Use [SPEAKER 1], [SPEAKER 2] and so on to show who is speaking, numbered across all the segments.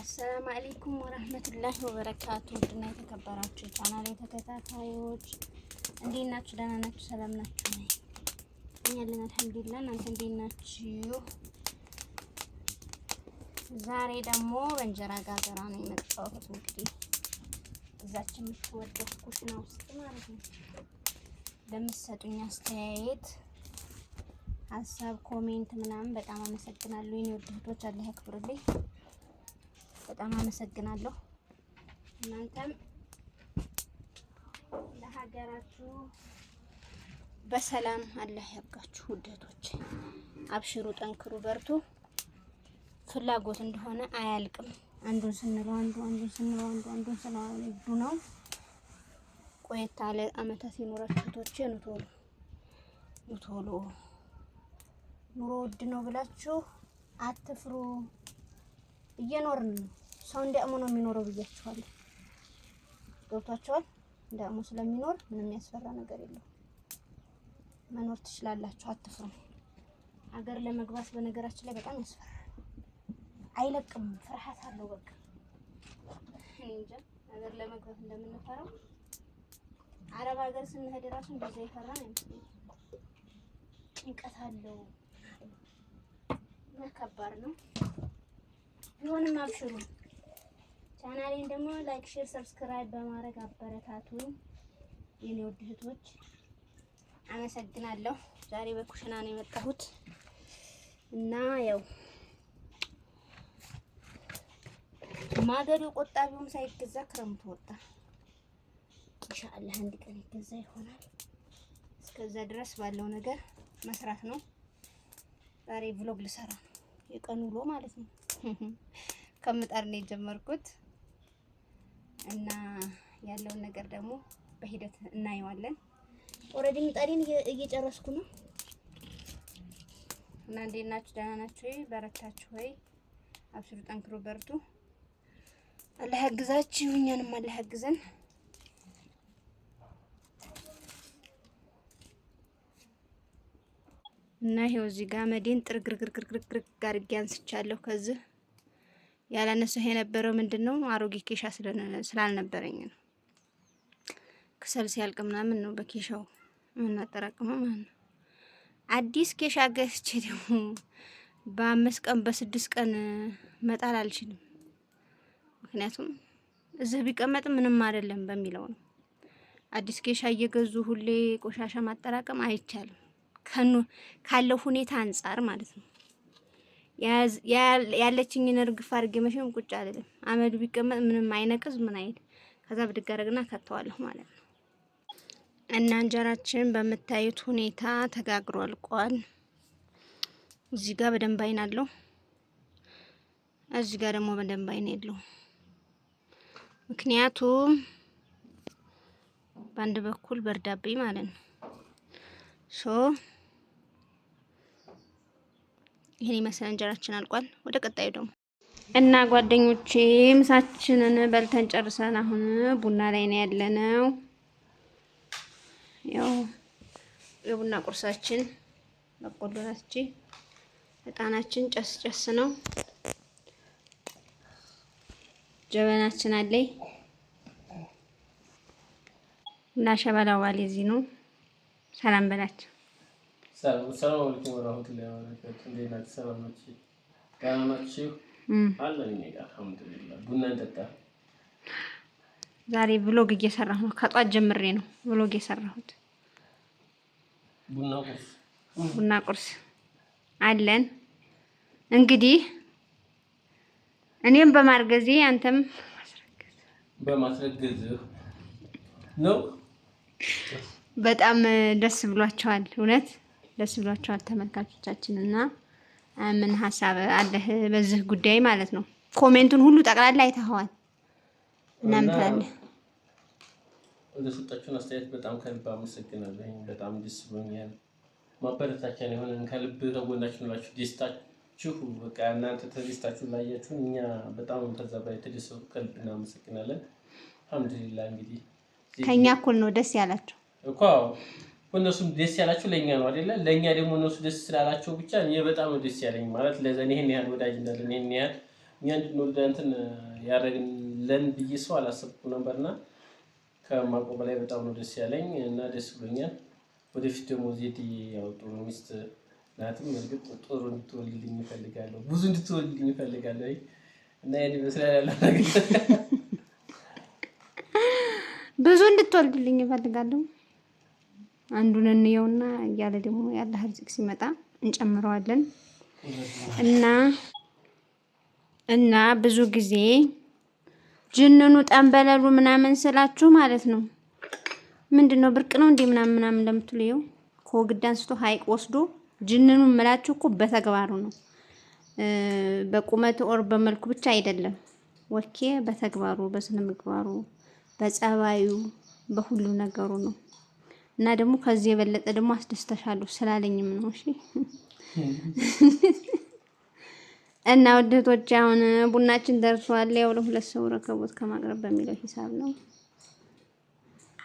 [SPEAKER 1] አሰላሙ አሌይኩም ወረህመቱላሂ ወበረካቱ። ውድና የተከበራችሁ የቻናሌ ተከታታዮች እንዴት ናችሁ? ደህና ናችሁ? ሰላም ናችሁ? እኛ አለን አልሐምዱሊላህ። እናንተ እንዴት ናችሁ? ዛሬ ደግሞ በእንጀራ ጋገራ ነው የመጣሁት። እንግዲህ እዛችን የምትወደው ኩሽና ውስጥ ማለት ነው። ለምትሰጡኝ አስተያየት፣ ሀሳብ፣ ኮሜንት ምናምን በጣም አመሰግናለሁ የኔ ውድ እህቶች። አላህ ያክብርልኝ። በጣም አመሰግናለሁ። እናንተም ለሀገራችሁ በሰላም አላህ ያብቃችሁ። ውደቶች አብሽሩ፣ ጠንክሩ፣ በርቱ። ፍላጎት እንደሆነ አያልቅም። አንዱን ስንለው አንዱ አንዱን ስንለው አንዱ አንዱን ስንለው አንዱ ነው። ቆየት አለ አመታት የኖራችሁ እህቶቼ ኑቶሎ ኑቶሎ ኑሮ ውድ ነው ብላችሁ አትፍሩ። እየኖርን ነው። ሰው እንደ ነው የሚኖረው ብያችኋለሁ። ገብቷችኋል? እንደ ስለሚኖር ምንም የሚያስፈራ ነገር የለም። መኖር ትችላላችሁ፣ አትፍሩ። ሀገር ለመግባት በነገራችን ላይ በጣም ያስፈራል። አይለቅም፣ ፍርሃት አለው። በቃ እኔ ሀገር ለመግባት እንደምንፈራው አረብ ሀገር ስንሄድ ራሱ እንደዛ ይፈራ ነው። ጭንቀት አለው እና ከባድ ነው። ቢሆንም አብሽሩ። ቻናሌን ደግሞ ላይክ፣ ሼር፣ ሰብስክራይብ በማድረግ አበረታቱ የኔ ውድ እህቶች። አመሰግናለሁ። ዛሬ በኩሽና ነው የመጣሁት እና ያው ማገዶ ቆጣቢውም ሳይገዛ ክረምት ወጣ። ኢንሻአላህ አንድ ቀን ይገዛ ይሆናል። እስከዛ ድረስ ባለው ነገር መስራት ነው። ዛሬ ቭሎግ ልሰራ የቀን ውሎ ማለት ነው። ከምጣድ ነው የጀመርኩት እና ያለውን ነገር ደግሞ በሂደት እናየዋለን። ኦልሬዲ ምጣዴን እየጨረስኩ ነው እና እንዴት ናችሁ? ደህና ናችሁ ወይ? በረታችሁ ወይ? አብሽሩ፣ ጠንክሮ በርቱ። አላህ ያግዛችሁ፣ እኛንም አላህ ያግዘን። እና ይሄው እዚህ ጋር መዴን ጥርግርግርግርግርግ አድርጌ አንስቻለሁ ከዚህ ያላነሳሁ የነበረው ምንድን ነው አሮጌ ኬሻ ስላልነበረኝ ነው። ክሰል ሲያልቅ ምናምን ነው በኬሻው የምናጠራቅመው ማለት ነው። አዲስ ኬሻ ገዝቼ ደግሞ በአምስት ቀን በስድስት ቀን መጣል አልችልም። ምክንያቱም እዚህ ቢቀመጥ ምንም አይደለም በሚለው ነው። አዲስ ኬሻ እየገዙ ሁሌ ቆሻሻ ማጠራቀም አይቻልም፣ ካለው ሁኔታ አንጻር ማለት ነው። ያለችኝን እርግፍ አድርጌ መቼም ቁጭ አልልም። አመዱ ቢቀመጥ ምንም አይነቅዝ ምን አይል። ከዛ ብድግ አደርግና ከተዋለሁ ማለት ነው። እና እንጀራችን በምታዩት ሁኔታ ተጋግሮ አልቋል። እዚህ ጋር በደንብ አይን አለው፣ እዚህ ጋር ደግሞ በደንብ አይን የለው። ምክንያቱም በአንድ በኩል በርዳብኝ ማለት ነው ሶ ይህን ይመስላል እንጀራችን አልቋል። ወደ ቀጣዩ ደግሞ እና ጓደኞቼ ምሳችንን በልተን ጨርሰን አሁን ቡና ላይ ነው ያለነው። ያው የቡና ቁርሳችን በቆሎናች እጣናችን ጨስ ጨስ ነው። ጀበናችን አለኝ እና ሸበላው ባሌ እዚህ ነው። ሰላም በላቸው።
[SPEAKER 2] ሰላም አለይኩም ወራህመቱላሂ ወበረካቱ። እንዴት ናችሁ? ሰላም ናችሁ? ደህና ናችሁ? አለን እኔ ጋር አልሐምዱሊላህ። ቡና እንጠጣ።
[SPEAKER 1] ዛሬ ብሎግ እየሰራሁ ነው። ከጧት ጀምሬ ነው ብሎግ የሰራሁት።
[SPEAKER 2] ቡና ቁርስ፣ ቡና
[SPEAKER 1] ቁርስ አለን እንግዲህ እኔም በማርገዜ አንተም
[SPEAKER 2] በማስረገዝ ነው።
[SPEAKER 1] በጣም ደስ ብሏቸዋል እውነት ደስ ብሏቸዋል ተመልካቾቻችን። እና ምን ሀሳብ አለህ በዚህ ጉዳይ ማለት ነው? ኮሜንቱን ሁሉ ጠቅላላ አይተኸዋል። እናም ትላለህ
[SPEAKER 2] እንደሰጣችሁን አስተያየት በጣም ከልብ አመሰግናለሁ። በጣም ደስ ብሎኛል። ማበረታቻን የሆነን ከልብ ተጎናችሁ ናችሁ። ደስታችሁ በቃ እናንተ ተደስታችሁ ላያችሁ እኛ በጣም ከዛ በላይ የተደሰቱ ከልብ እናመሰግናለን። አልሐምዱሊላህ እንግዲህ
[SPEAKER 1] ከእኛ እኩል ነው ደስ ያላችሁ እኮ
[SPEAKER 2] እነሱም ደስ ያላቸው ለእኛ ነው አይደለ? ለእኛ ደግሞ እነሱ ደስ ስላላቸው ብቻ እኔ በጣም ነው ደስ ያለኝ። ማለት ለዘን ይህን ያህል ወዳጅ እንዳለን ይሄን ያህል እኛ እንድንወልድ እንትን ያደረግለን ብዬ ሰው አላሰብኩ ነበርና ከማቆ በላይ በጣም ነው ደስ ያለኝ እና ደስ ብሎኛል። ወደፊት ደግሞ ዜድ ያው ጥሩ ሚስት ናትም፣ እርግጥ ጥሩ እንድትወልድልኝ ይፈልጋለሁ፣ ብዙ እንድትወልድልኝ ይፈልጋለሁ እና ይሄን ይመስላል ያለው ነገር።
[SPEAKER 1] ብዙ እንድትወልድልኝ ይፈልጋለሁ አንዱን እንየውና እያለ ደግሞ ያለ ሀርዚቅ ሲመጣ እንጨምረዋለን እና እና ብዙ ጊዜ ጅንኑ ጠንበለሉ ምናምን ስላችሁ ማለት ነው። ምንድን ነው ብርቅ ነው እንዴ ምናምን ምናምን ለምትሉ ይኸው ከወግድ አንስቶ ሀይቅ ወስዶ ጅንኑ ምላችሁ እኮ በተግባሩ ነው። በቁመት ኦር በመልኩ ብቻ አይደለም። ወኬ በተግባሩ፣ በስነ ምግባሩ፣ በጸባዩ፣ በሁሉ ነገሩ ነው። እና ደግሞ ከዚህ የበለጠ ደግሞ አስደስተሻለሁ ስላለኝም ነው። እሺ እና ውድቶች አሁን ቡናችን ደርሷል። ያው ለሁለት ሰው ረከቦት ከማቅረብ በሚለው ሂሳብ ነው።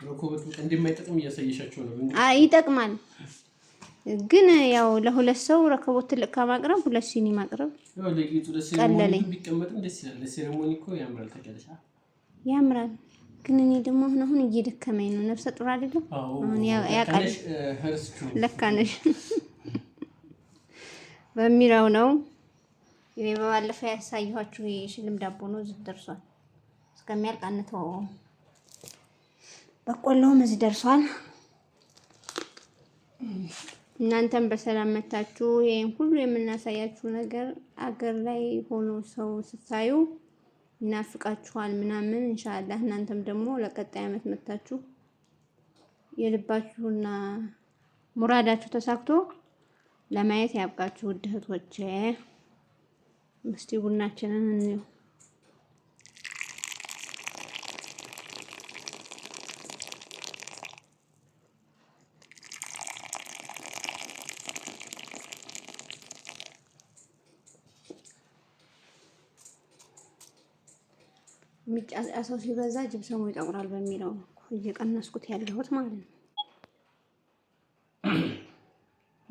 [SPEAKER 2] ረከቦት እንደማይጠቅም እያሳየሻቸው ነው። ይጠቅማል፣
[SPEAKER 1] ግን ያው ለሁለት ሰው ረከቦት ትልቅ ከማቅረብ ሁለት ሲኒ ማቅረብ
[SPEAKER 2] ቀለለኝ። ያምራል
[SPEAKER 1] ግን እኔ ደግሞ አሁን አሁን እየደከመኝ ነው። ነፍሰ ጡር አይደለም አሁን
[SPEAKER 2] ያውቃል ለካነሽ
[SPEAKER 1] በሚለው ነው። ይሄ በባለፈው ያሳየኋችሁ የሽልም ዳቦ ነው። እዚህ ደርሷል። እስከሚያልቅ አንተው በቆሎም እዚህ ደርሷል። እናንተም በሰላም መታችሁ። ይሄን ሁሉ የምናሳያችሁ ነገር አገር ላይ ሆኖ ሰው ስታዩ ይናፍቃችኋል ምናምን እንሻላህ እናንተም ደግሞ ለቀጣይ አመት መታችሁ የልባችሁና ሙራዳችሁ ተሳክቶ ለማየት ያብቃችሁ። ውድ እህቶቼ፣ እስቲ ቡናችንን እንየው። የሚጫጫ ሰው ሲበዛ ጅብሰሙ ይጠቁራል በሚለው ነው እየቀነስኩት ያለሁት ማለት ነው።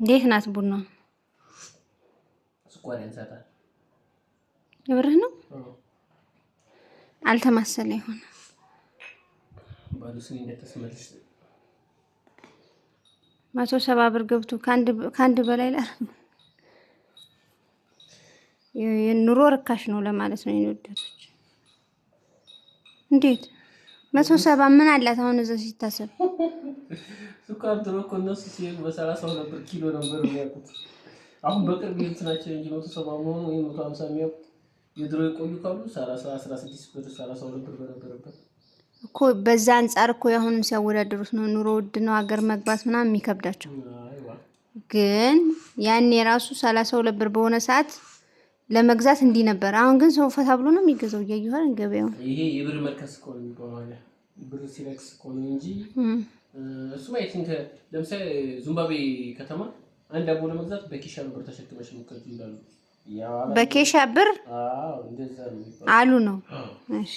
[SPEAKER 1] እንዴት ናት ቡና? ንብርህ ነው አልተማሰለ ይሆናል። መቶ ሰባ ብር ገብቶ ከአንድ በላይ ላ ኑሮ ርካሽ ነው ለማለት ነው የወደዱት እንዴት መቶ ሰባ ምን አላት? አሁን እዛ ሲታሰብ
[SPEAKER 2] ሱካር ድሮ እኮ እነሱ ሲሄዱ በሰላሳ ኪሎ ነበር የሚያውቁት። አሁን በቅርብ እንጂ መቶ ሰባ መሆኑ መቶ ሀምሳ የሚያውቁት የድሮ የቆዩ ካሉ አስራ ስድስት ብር ሰላሳ በነበረበት እኮ በዛ
[SPEAKER 1] አንጻር እኮ የአሁኑን ሲያወዳደሩት ነው። ኑሮ ውድ ነው ሀገር መግባት ምናምን የሚከብዳቸው ግን ያኔ የራሱ ሰላሳ ሁለት ብር በሆነ ሰዓት ለመግዛት እንዲህ ነበር። አሁን ግን ሰው ፈታ ብሎ ነው የሚገዛው። እያየኋል
[SPEAKER 2] ገበያው ይሄ የብር መርከስ እኮ ነው የሚባለው ብር ሲለክስ እኮ ነው እንጂ እሱ አይ እንከ ለምሳሌ ዙምባቤ ከተማ አንድ አቦ ለመግዛት በኬሻ ብር ተሸክመሽ ሙከት ይላሉ።
[SPEAKER 1] በኬሻ ብር አሉ ነው። እሺ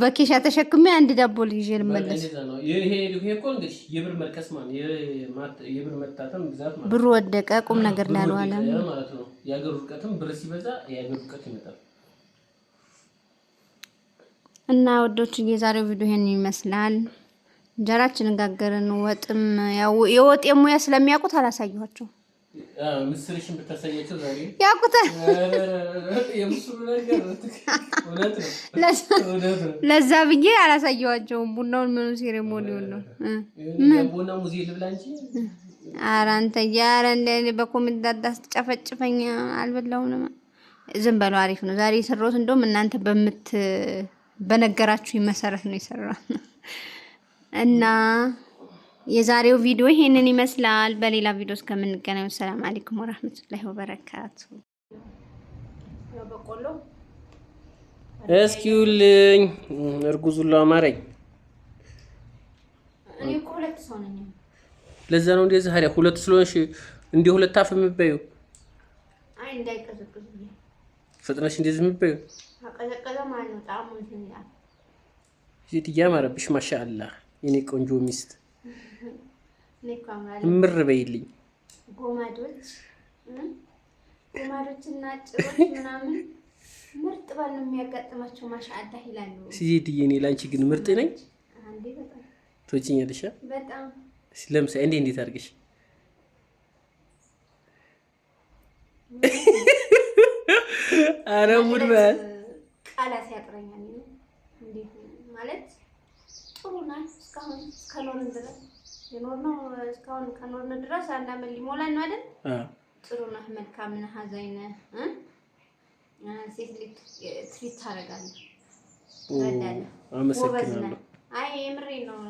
[SPEAKER 1] በኬሻ ተሸክሜ አንድ ዳቦ
[SPEAKER 2] ልይዤ ልመለስ። ብር
[SPEAKER 1] ወደቀ ቁም ነገር ላልዋለ እና ወዶች የዛሬው ቪዲዮ ይሄን ይመስላል። እንጀራችንን ጋገርን። ወጥም የወጥ የሙያ ስለሚያውቁት አላሳየኋቸው።
[SPEAKER 2] ምስልሽን ብታሳያቸው ዛሬ ያውቁታል።
[SPEAKER 1] ለዛ ብዬ አላሳየዋቸውም። ቡናውን ምኑ ሴሬሞኒውን ነው። ኧረ አንተዬ፣ ኧረ እንደ በኮሜንት አስጨፈጭፈኝ። አልበላሁም። ዝም በለው። አሪፍ ነው ዛሬ የሰራሁት። እንደውም እናንተ በምት በነገራችሁ መሰረት ነው የሰራሁት እና የዛሬው ቪዲዮ ይሄንን ይመስላል። በሌላ ቪዲዮ እስከምንገናኝ ሰላም አለይኩም ወራህመቱላሂ ወበረካቱ።
[SPEAKER 2] እስኪውልኝ እርጉዙላ አማረኝ። ለዛ ነው እንደዚህ ሀሪያ ሁለት ስለሆንሽ እንደ ሁለት አፍ የምትበይው ፍጥነሽ እንደዚህ ማሻአላህ የኔ ቆንጆ ሚስት
[SPEAKER 1] ምር በይልኝ ጎማዶች ጭሮች ምናምን ምርጥ ባል ነው የሚያጋጥማቸው። ማሻአላ ይላሉ።
[SPEAKER 2] ሲዜድዬ እኔ ላንቺ ግን ምርጥ ነኝ። ትወጪኛለሽ? በጣም ለምሳ እንዴ እንዴት አድርገሽ
[SPEAKER 1] አረ በል ቃላት ያጥረኛል። እንዴት ማለት ጥሩ ናት እስካሁን ከኖርን ድረስ የኖርነው እስካሁን ከኖርነ ድረስ አንድ አመት ሊሞላን ነው አይደል? ጥሩ ነህ፣ መልካም ነህ፣ አዛኝ ነህ። ሴት ልጅ ትሪት ታደርጋለህ፣ አይ የምሬ ነው፣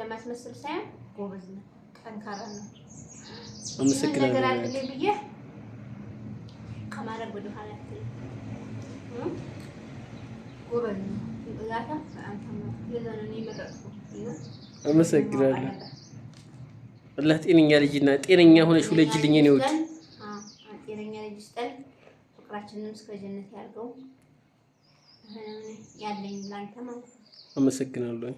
[SPEAKER 1] ለማስመሰል ሳይሆን ጎበዝ ነህ፣ ጠንካራ ነህ። ምን ብዬ ከማድረግ ወደ ኋላ ጎበዝ ነህ። ዛታ አንተ ነው የዛን
[SPEAKER 2] አመሰግናለሁ። አላህ ጤነኛ ልጅና ጤነኛ ሆነሽ ልኝ ነው ይወድ
[SPEAKER 1] ጤነኛ ልጅ ስጠን። ፍቅራችንም እስከ ጀነት ያርገው ያለኝ
[SPEAKER 2] ላንተ ማለት ነው። አመሰግናለሁ።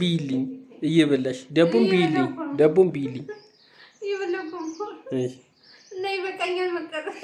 [SPEAKER 2] ቢይልኝ እየበላሽ ዳቦም ቢይልኝ
[SPEAKER 1] ዳቦም ቢይልኝ እየበላኩ እና ይበቃኛል መቀጠል